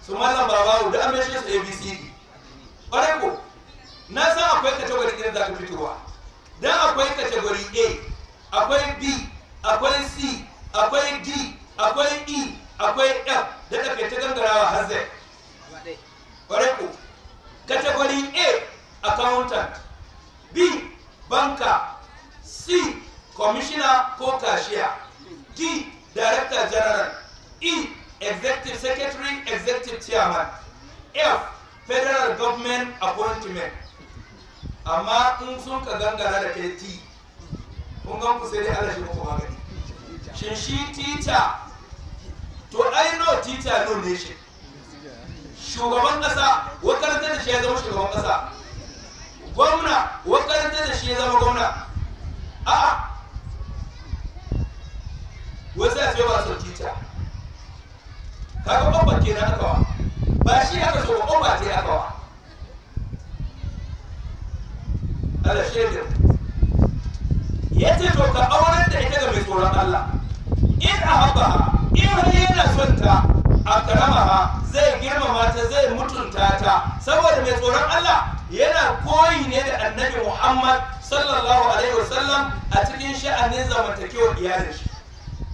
su malam babawo duk an shi su abcd ƙwarai ko na san akwai kategori ɗin za ka fitowa don akwai kategori a akwai b akwai c akwai d akwai e akwai f da ɗafe ta gangarawa har zai ƙwarai ko kategori a accountant b banka c commissioner ko cashier d Director General, E, Executive Secretary, Executive Chairman, F, Federal Government Appointment. Amma in sun ka gangara da kai T, kun gan ku sai dai Allah shi muku magani. Shin shi teacher, to I know teacher no nation. Shugaban ƙasa, wakaranta da shi ya zama shugaban ƙasa. Gwamna, wakaranta da shi ya zama gwamna. A'a, wai sai a ce ba son tica kaga babba kenan aka wa ba shi aka so babba ce aka wa Allah shaidu ya ce to ka auren da ita ga mai tsoron Allah in a haba in har yana son ta a karamaha zai girmama ta zai mutunta ta saboda mai tsoron Allah yana koyi ne da annabi Muhammad sallallahu alaihi wasallam a cikin sha'anin zamantakewar iyalin shi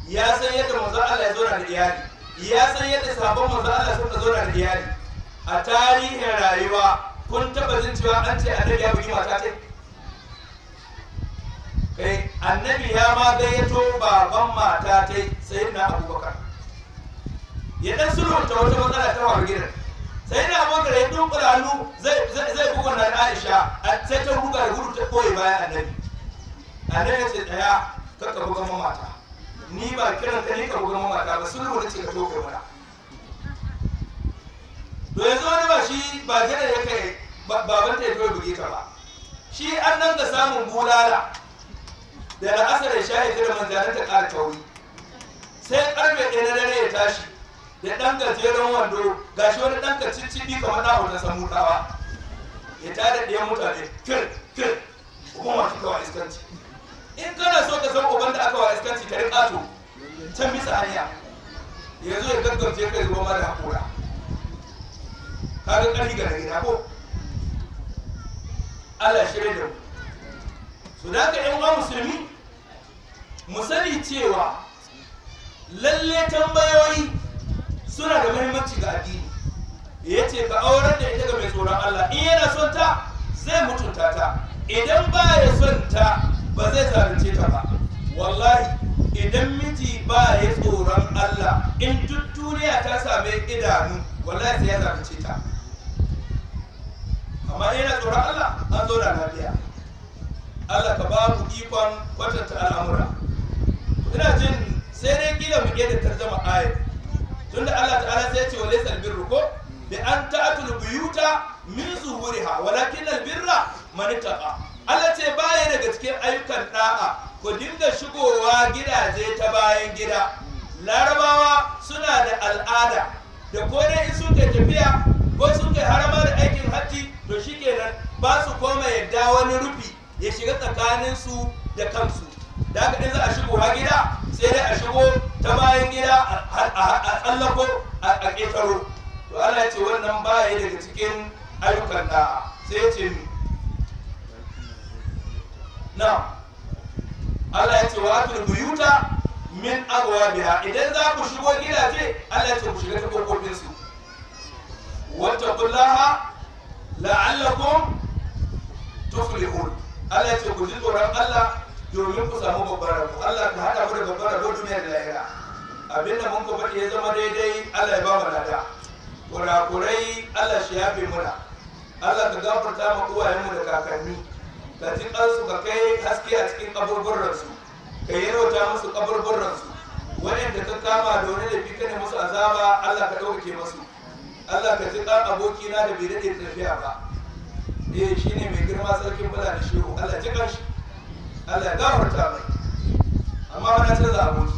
ya san yadda manzo Allah ya zo da iyali ya san yadda sabon manzo Allah suka zo da iyali a tarihin rayuwa kun taba jin cewa an ce annabi ya buki mata ce kai eh, annabi ya ma gayyato baban mata ta na abubakar ya dan ta wata matsala ta faru gidan sai da abubakar ya dunkula hannu zai buga na aisha sai ta buga da gudu ta koyi bayan annabi annabi ya ce tsaya kakka buga mata. ni ba kiran ka ne ka buga mamata ba sun na ce ka tofe mana to yanzu wani ba shi ba jira ya kai baban ta ya tofe buge ka ba shi an nan ka samun bulala da la'asar ya sha ya jira manzanin ta ƙara tauri sai karfe ɗaya na dare ya tashi da ɗan gajeren wando ga shi wani ɗan cicciɓi kamar ɗahu na samu ɗawa ya tada ɗayan mutane kir kir kuma masu kawai iskanci in kana so ka san uban da aka wa iskanci ta rika to can bisa hanya yanzu ya gaggauce kai zuwa mara hakura kaga ƙarfi ga gida ko Allah shirya da mu su da ka yan uwa musulmi mu sani cewa lalle tambayoyi suna da muhimmanci ga addini ya ce ka auren da ita ga mai tsoron Allah in yana son ta zai mutunta ta idan ba ya son ta ba zai zalunce ta ba wallahi idan miji ba ya tsoron Allah in duk ta same idanu wallahi sai ya zalunce ta amma yana tsoron Allah an zo da lafiya Allah ka ba mu ikon kwatanta al'amura ina jin sai dai kila mu iya da tarjama ayat tunda Allah ta'ala sai ya ce wa laysal birru ko bi an ta'tul buyuta min zuhuriha walakin al birra man taqa Allah ce baya daga cikin ayyukan da'a ku dinga shigowa gidaje ta bayan gida larabawa suna da al'ada da ko dai in sun kai tafiya ko sun kai harama da aikin hajji to shikenan ba su koma yadda wani rufi ya shiga tsakanin su da kansu da haka in za a shigo ha gida sai dai a shigo ta bayan gida a tsallako a ƙetaro to Allah ce wannan baya daga cikin ayyukan da'a sai ya ce na Allah ya ce wa atul buyuta min abwabiha idan za ku shigo gidaje Allah ya ce ku shiga ta kofofin su wattaqullaha la'allakum tuflihun Allah ya ce ku ji tsoron Allah domin ku samu babbar rabo Allah ka hada ku da babbar rabo duniya da lahira abinda mun ka faɗi ya zama daidai Allah ya ba mu lada kurakurai Allah shi yafe muna Allah ka gafarta mu uwayenmu da kakanni ka ji ɗansu ka kai haske a cikin su ka yi rauta musu wani da ta kama da wani laifi ka ne musu azaba Allah ka ɗaukake musu Allah ka ji aboki na da bai daɗe tafiya ba eh shi ne mai girma sarkin bala da shehu Allah ji ƙanshi Allah ya gafarta mai amma wani canza aboki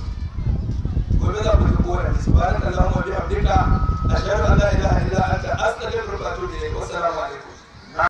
gobe za ku ji kowane su ba da kallon wa bihamdika ashhadu an la ilaha illa anta astaghfiruka wa atubu ilayk wassalamu alaikum